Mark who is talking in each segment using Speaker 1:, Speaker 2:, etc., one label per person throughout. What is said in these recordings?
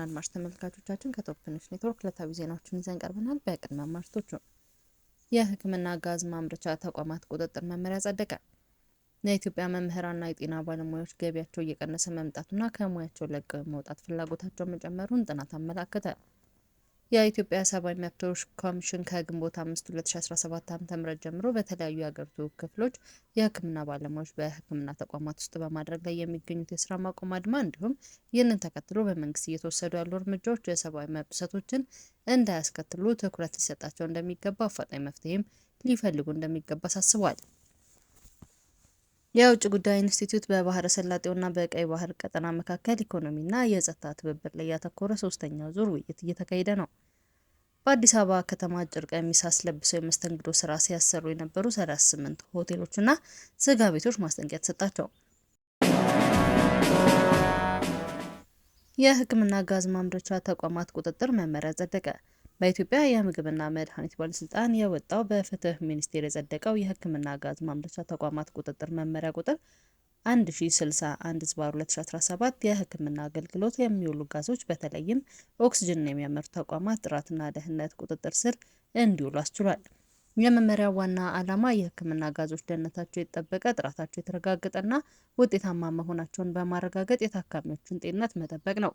Speaker 1: ክቡራን አድማጭ ተመልካቾቻችን ከቶፕ ትንሽ ኔትወርክ ዕለታዊ ዜናዎችን ይዘን ቀርበናል። በቅድመ ማርቶቹ የሕክምና ጋዝ ማምረቻ ተቋማት ቁጥጥር መመሪያ ጸደቀ። የኢትዮጵያ መምህራንና የጤና ባለሙያዎች ገቢያቸው እየቀነሰ መምጣቱና ከሙያቸው ለቀው መውጣት ፍላጎታቸው መጨመሩን ጥናት አመላከተ። የኢትዮጵያ ሰብአዊ መብቶች ኮሚሽን ከግንቦት 5 2017 ዓ.ም ጀምሮ በተለያዩ የሀገሪቱ ክፍሎች የህክምና ባለሙያዎች በህክምና ተቋማት ውስጥ በማድረግ ላይ የሚገኙት የስራ ማቆም አድማ እንዲሁም ይህንን ተከትሎ በመንግስት እየተወሰዱ ያሉ እርምጃዎች የሰብአዊ መብት ጥሰቶችን እንዳያስከትሉ ትኩረት ሊሰጣቸው እንደሚገባ፣ አፋጣኝ መፍትሄም ሊፈልጉ እንደሚገባ አሳስቧል። የውጭ ጉዳይ ኢንስቲትዩት በባህረ ሰላጤውና በቀይ ባህር ቀጠና መካከል ኢኮኖሚና የጸጥታ ትብብር ላይ ያተኮረ ሶስተኛው ዙር ውይይት እየተካሄደ ነው። በአዲስ አበባ ከተማ አጭር ቀሚስ አስለብሰው የመስተንግዶ ስራ ሲያሰሩ የነበሩ 38 ሆቴሎችና ስጋ ቤቶች ማስጠንቀቂያ ተሰጣቸው። የሕክምና ጋዝ ማምረቻ ተቋማት ቁጥጥር መመሪያ ጸደቀ። በኢትዮጵያ የምግብና መድኃኒት ባለስልጣን የወጣው በፍትህ ሚኒስቴር የጸደቀው የሕክምና ጋዝ ማምረቻ ተቋማት ቁጥጥር መመሪያ ቁጥር 1061/2017 የሕክምና አገልግሎት የሚውሉ ጋዞች በተለይም ኦክስጅን የሚያመርቱ ተቋማት ጥራትና ደህንነት ቁጥጥር ስር እንዲውሉ አስችሏል። የመመሪያው ዋና ዓላማ የሕክምና ጋዞች ደህንነታቸው የተጠበቀ፣ ጥራታቸው የተረጋገጠና ውጤታማ መሆናቸውን በማረጋገጥ የታካሚዎችን ጤንነት መጠበቅ ነው።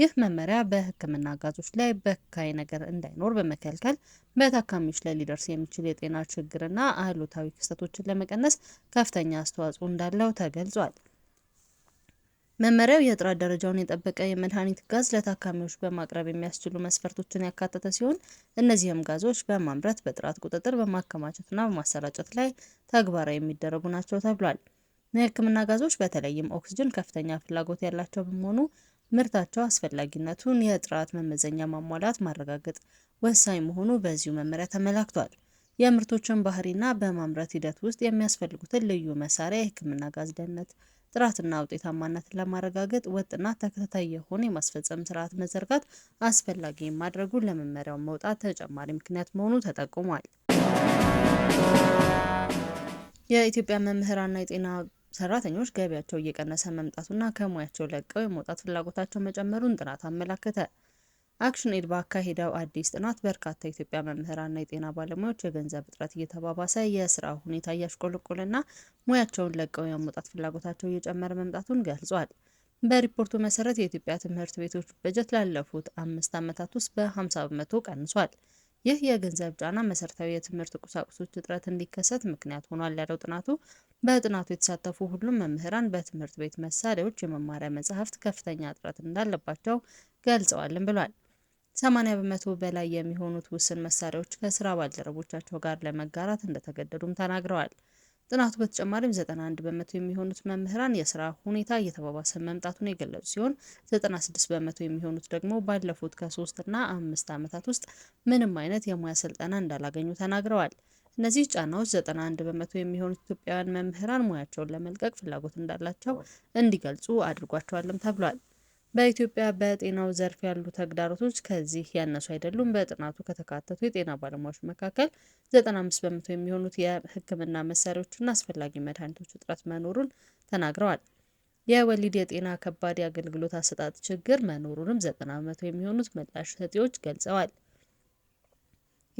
Speaker 1: ይህ መመሪያ በሕክምና አጋዞች ላይ በካይ ነገር እንዳይኖር በመከልከል በታካሚዎች ላይ ሊደርስ የሚችል የጤና ችግርና አህሎታዊ ክስተቶችን ለመቀነስ ከፍተኛ አስተዋጽኦ እንዳለው ተገልጿል። መመሪያው የጥራት ደረጃውን የጠበቀ የመድኃኒት ጋዝ ለታካሚዎች በማቅረብ የሚያስችሉ መስፈርቶችን ያካተተ ሲሆን እነዚህም ጋዞች በማምረት በጥራት ቁጥጥር፣ በማከማቸትና በማሰራጨት ላይ ተግባራዊ የሚደረጉ ናቸው ተብሏል። የህክምና ጋዞች በተለይም ኦክስጅን ከፍተኛ ፍላጎት ያላቸው በመሆኑ ምርታቸው አስፈላጊነቱን የጥራት መመዘኛ ማሟላት ማረጋገጥ ወሳኝ መሆኑ በዚሁ መመሪያ ተመላክቷል። የምርቶችን ባህሪና በማምረት ሂደት ውስጥ የሚያስፈልጉትን ልዩ መሳሪያ፣ የሕክምና ጋዝ ደህንነት፣ ጥራትና ውጤታማነትን ለማረጋገጥ ወጥና ተከታታይ የሆነ የማስፈጸም ስርዓት መዘርጋት አስፈላጊ ማድረጉ ለመመሪያው መውጣት ተጨማሪ ምክንያት መሆኑ ተጠቁሟል። የኢትዮጵያ መምህራንና የጤና ሰራተኞች ገቢያቸው እየቀነሰ መምጣቱና ከሙያቸው ለቀው የመውጣት ፍላጎታቸው መጨመሩን ጥናት አመላከተ። አክሽን ኤድ ባካሄደው አዲስ ጥናት በርካታ የኢትዮጵያ መምህራንና የጤና ባለሙያዎች የገንዘብ እጥረት እየተባባሰ፣ የስራ ሁኔታ እያሽቆለቆለና ሙያቸውን ለቀው የመውጣት ፍላጎታቸው እየጨመረ መምጣቱን ገልጿል። በሪፖርቱ መሰረት የኢትዮጵያ ትምህርት ቤቶች በጀት ላለፉት አምስት ዓመታት ውስጥ በ50 በመቶ ቀንሷል። ይህ የገንዘብ ጫና መሰረታዊ የትምህርት ቁሳቁሶች እጥረት እንዲከሰት ምክንያት ሆኗል ያለው ጥናቱ በጥናቱ የተሳተፉ ሁሉም መምህራን በትምህርት ቤት መሳሪያዎች፣ የመማሪያ መጽሐፍት ከፍተኛ እጥረት እንዳለባቸው ገልጸዋልም ብሏል። 80 በመቶ በላይ የሚሆኑት ውስን መሳሪያዎች ከስራ ባልደረቦቻቸው ጋር ለመጋራት እንደተገደዱም ተናግረዋል። ጥናቱ በተጨማሪም 91 በመቶ የሚሆኑት መምህራን የስራ ሁኔታ እየተባባሰ መምጣቱን የገለጹ ሲሆን 96 በመቶ የሚሆኑት ደግሞ ባለፉት ከሶስት እና አምስት ዓመታት ውስጥ ምንም አይነት የሙያ ስልጠና እንዳላገኙ ተናግረዋል። እነዚህ ጫናዎች 91 በመቶ የሚሆኑት ኢትዮጵያውያን መምህራን ሙያቸውን ለመልቀቅ ፍላጎት እንዳላቸው እንዲገልጹ አድርጓቸዋለም ተብሏል። በኢትዮጵያ በጤናው ዘርፍ ያሉ ተግዳሮቶች ከዚህ ያነሱ አይደሉም። በጥናቱ ከተካተቱ የጤና ባለሙያዎች መካከል 95 በመቶ የሚሆኑት የሕክምና መሳሪያዎችና አስፈላጊ መድኃኒቶች እጥረት መኖሩን ተናግረዋል። የወሊድ የጤና ከባድ የአገልግሎት አሰጣጥ ችግር መኖሩንም 90 በመቶ የሚሆኑት ምላሽ ሰጪዎች ገልጸዋል።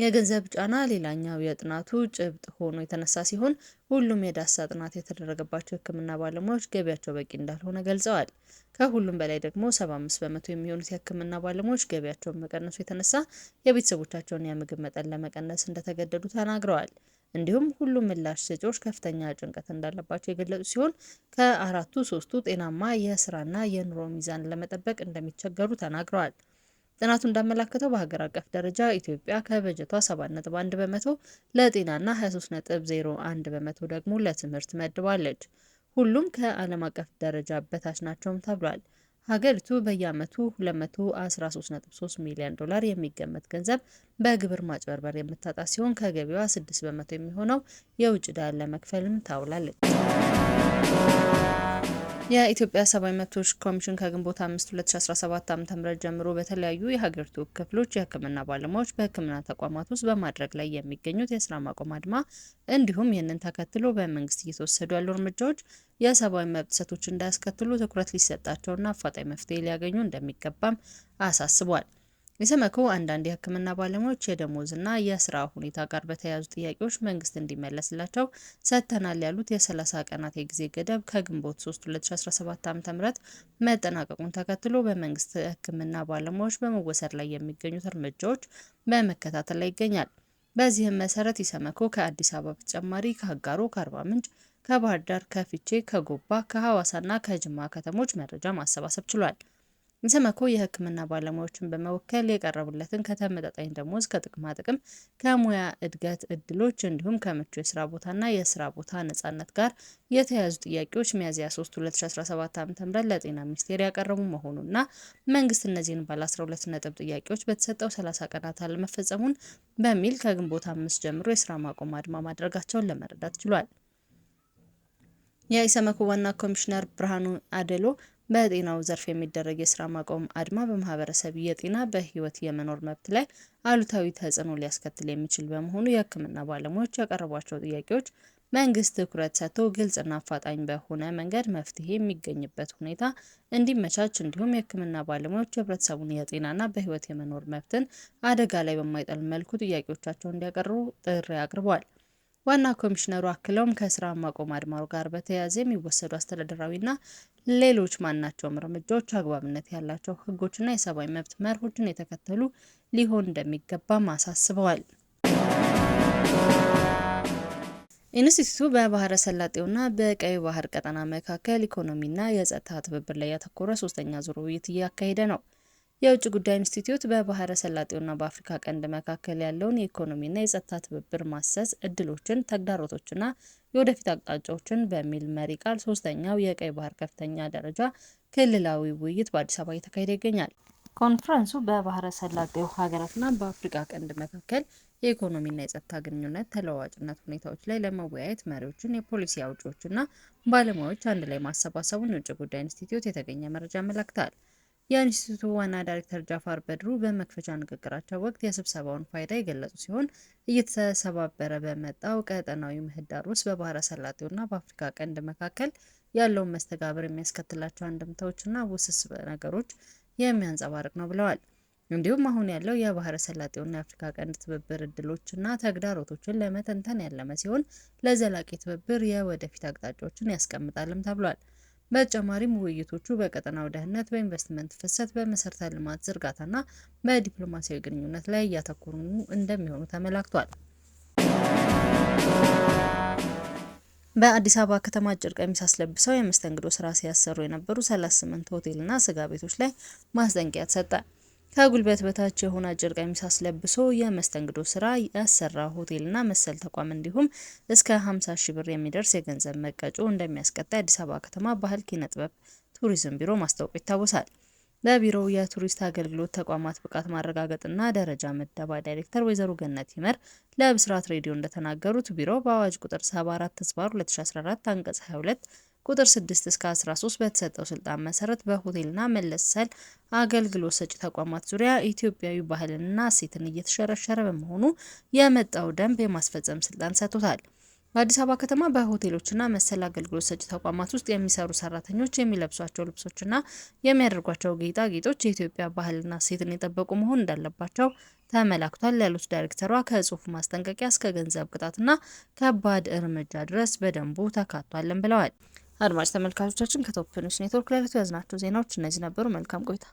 Speaker 1: የገንዘብ ጫና ሌላኛው የጥናቱ ጭብጥ ሆኖ የተነሳ ሲሆን ሁሉም የዳሳ ጥናት የተደረገባቸው ህክምና ባለሙያዎች ገቢያቸው በቂ እንዳልሆነ ገልጸዋል። ከሁሉም በላይ ደግሞ 75 በመቶ የሚሆኑት የሕክምና ባለሙያዎች ገቢያቸውን መቀነሱ የተነሳ የቤተሰቦቻቸውን የምግብ መጠን ለመቀነስ እንደተገደዱ ተናግረዋል። እንዲሁም ሁሉም ምላሽ ሰጪዎች ከፍተኛ ጭንቀት እንዳለባቸው የገለጹ ሲሆን ከአራቱ ሶስቱ ጤናማ የስራና የኑሮ ሚዛን ለመጠበቅ እንደሚቸገሩ ተናግረዋል። ጥናቱ እንዳመላከተው በሀገር አቀፍ ደረጃ ኢትዮጵያ ከበጀቷ 7.1 በመቶ ለጤናና 23.01 በመቶ ደግሞ ለትምህርት መድባለች። ሁሉም ከዓለም አቀፍ ደረጃ በታች ናቸውም ተብሏል። ሀገሪቱ በየዓመቱ 213.3 ሚሊዮን ዶላር የሚገመት ገንዘብ በግብር ማጭበርበር የምታጣ ሲሆን ከገቢዋ 6 በመቶ የሚሆነው የውጭ ዕዳን ለመክፈልም ታውላለች። የኢትዮጵያ ሰብአዊ መብቶች ኮሚሽን ከግንቦት 5 2017 ዓ.ም ጀምሮ በተለያዩ የሀገሪቱ ክፍሎች የሕክምና ባለሙያዎች በሕክምና ተቋማት ውስጥ በማድረግ ላይ የሚገኙት የስራ ማቆም አድማ እንዲሁም ይህንን ተከትሎ በመንግስት እየተወሰዱ ያሉ እርምጃዎች የሰብአዊ መብት ጥሰቶች እንዳያስከትሉ ትኩረት ሊሰጣቸውና አፋጣኝ መፍትሄ ሊያገኙ እንደሚገባም አሳስቧል። ኢሰመኮ አንዳንድ የሕክምና ባለሙያዎች የደሞዝና የስራ ሁኔታ ጋር በተያያዙ ጥያቄዎች መንግስት እንዲመለስላቸው ሰጥተናል ያሉት የ30 ቀናት የጊዜ ገደብ ከግንቦት 3 2017 ዓ.ም መጠናቀቁን ተከትሎ በመንግስት ሕክምና ባለሙያዎች በመወሰድ ላይ የሚገኙት እርምጃዎች በመከታተል ላይ ይገኛል። በዚህም መሰረት ኢሰመኮ ከአዲስ አበባ በተጨማሪ ከአጋሮ፣ ከአርባ ምንጭ፣ ከባህር ዳር፣ ከፊቼ፣ ከጎባ፣ ከሐዋሳና ከጅማ ከተሞች መረጃ ማሰባሰብ ችሏል። ኢሰመኮ የሕክምና ባለሙያዎችን በመወከል የቀረቡለትን ከተመጣጣኝ ደሞዝ፣ ከጥቅማ ጥቅም፣ ከሙያ እድገት እድሎች እንዲሁም ከምቹ የስራ ቦታና የስራ ቦታ ነጻነት ጋር የተያያዙ ጥያቄዎች ሚያዝያ 3 2017 ዓ.ም ለጤና ሚኒስቴር ያቀረቡ መሆኑና መንግስት እነዚህን ባለ 12 ነጥብ ጥያቄዎች በተሰጠው 30 ቀናት አለመፈጸሙን በሚል ከግንቦት አምስት ጀምሮ የስራ ማቆም አድማ ማድረጋቸውን ለመረዳት ችሏል። የኢሰመኮ ዋና ኮሚሽነር ብርሃኑ አደሎ በጤናው ዘርፍ የሚደረግ የስራ ማቆም አድማ በማህበረሰብ የጤና በህይወት የመኖር መብት ላይ አሉታዊ ተጽዕኖ ሊያስከትል የሚችል በመሆኑ የህክምና ባለሙያዎች ያቀረቧቸው ጥያቄዎች መንግስት ትኩረት ሰጥቶ ግልጽና አፋጣኝ በሆነ መንገድ መፍትሄ የሚገኝበት ሁኔታ እንዲመቻች እንዲሁም የህክምና ባለሙያዎች የህብረተሰቡን የጤናና በህይወት የመኖር መብትን አደጋ ላይ በማይጠል መልኩ ጥያቄዎቻቸውን እንዲያቀርቡ ጥሪ አቅርቧል። ዋና ኮሚሽነሩ አክለውም ከስራ ማቆም አድማው ጋር በተያያዘ የሚወሰዱ አስተዳደራዊና ሌሎች ማናቸውም እርምጃዎች አግባብነት ያላቸው ህጎችና የሰብአዊ መብት መርሆችን የተከተሉ ሊሆን እንደሚገባም አሳስበዋል። ኢንስቲቱቱ በባህረ ሰላጤውና በቀይ ባህር ቀጠና መካከል ኢኮኖሚና የጸጥታ ትብብር ላይ ያተኮረ ሶስተኛ ዙር ውይይት እያካሄደ ነው። የውጭ ጉዳይ ኢንስቲትዩት በባህረ ሰላጤውና በአፍሪካ ቀንድ መካከል ያለውን የኢኮኖሚና የጸጥታ ትብብር ማሰስ እድሎችን፣ ተግዳሮቶችና የወደፊት አቅጣጫዎችን በሚል መሪ ቃል ሶስተኛው የቀይ ባህር ከፍተኛ ደረጃ ክልላዊ ውይይት በአዲስ አበባ እየተካሄደ ይገኛል። ኮንፈረንሱ በባህረ ሰላጤው ሀገራትና በአፍሪካ ቀንድ መካከል የኢኮኖሚና የጸጥታ ግንኙነት ተለዋዋጭነት ሁኔታዎች ላይ ለመወያየት መሪዎችን፣ የፖሊሲ አውጪዎችና ባለሙያዎች አንድ ላይ ማሰባሰቡን የውጭ ጉዳይ ኢንስቲትዩት የተገኘ መረጃ ያመለክታል። የኢንስቲትዩቱ ዋና ዳይሬክተር ጃፋር በድሩ በመክፈቻ ንግግራቸው ወቅት የስብሰባውን ፋይዳ የገለጹ ሲሆን እየተሰባበረ በመጣው ቀጠናዊ ምህዳር ውስጥ በባህረ ሰላጤውና በአፍሪካ ቀንድ መካከል ያለውን መስተጋብር የሚያስከትላቸው አንድምታዎችና ውስብስብ ነገሮች የሚያንጸባርቅ ነው ብለዋል። እንዲሁም አሁን ያለው የባህረ ሰላጤውና የአፍሪካ ቀንድ ትብብር እድሎችና ተግዳሮቶችን ለመተንተን ያለመ ሲሆን ለዘላቂ ትብብር የወደፊት አቅጣጫዎችን ያስቀምጣልም ተብሏል። በተጨማሪም ውይይቶቹ በቀጠናው ደህንነት፣ በኢንቨስትመንት ፍሰት፣ በመሰረተ ልማት ዝርጋታና በዲፕሎማሲያዊ ግንኙነት ላይ እያተኮሩ እንደሚሆኑ ተመላክቷል። በአዲስ አበባ ከተማ አጭር ቀሚስ አስለብሰው የመስተንግዶ ስራ ሲያሰሩ የነበሩ 38 ሆቴልና ስጋ ቤቶች ላይ ማስጠንቀቂያ ተሰጠ። ከጉልበት በታች የሆነ አጭር ቀሚስ አስለብሶ የመስተንግዶ ስራ ያሰራ ሆቴልና መሰል ተቋም እንዲሁም እስከ 50 ሺ ብር የሚደርስ የገንዘብ መቀጮ እንደሚያስቀጣ የአዲስ አበባ ከተማ ባህል ኪነ ጥበብ ቱሪዝም ቢሮ ማስታወቁ ይታወሳል። በቢሮው የቱሪስት አገልግሎት ተቋማት ብቃት ማረጋገጥና ደረጃ ምደባ ዳይሬክተር ወይዘሮ ገነት ይመር ለብስራት ሬዲዮ እንደተናገሩት ቢሮው በአዋጅ ቁጥር 74 ተስባር 2014 አንቀጽ 22 ቁጥር 6 እስከ 13 በተሰጠው ስልጣን መሰረት በሆቴልና መሰል አገልግሎት ሰጪ ተቋማት ዙሪያ ኢትዮጵያዊ ባህልንና እሴትን እየተሸረሸረ በመሆኑ የመጣው ደንብ የማስፈጸም ስልጣን ሰጥቶታል። በአዲስ አበባ ከተማ በሆቴሎችና መሰል አገልግሎት ሰጪ ተቋማት ውስጥ የሚሰሩ ሰራተኞች የሚለብሷቸው ልብሶችና የሚያደርጓቸው ጌጣጌጦች የኢትዮጵያ ባህልና እሴትን የጠበቁ መሆን እንዳለባቸው ተመላክቷል ያሉት ዳይሬክተሯ ከጽሁፍ ማስጠንቀቂያ እስከ ገንዘብ ቅጣትና ከባድ እርምጃ ድረስ በደንቡ ተካቷልን ብለዋል። አድማጭ ተመልካቾቻችን ከቶፕ ኒውስ ኔትወርክ ለዕለቱ ያዝናቸው ዜናዎች እነዚህ ነበሩ። መልካም ቆይታ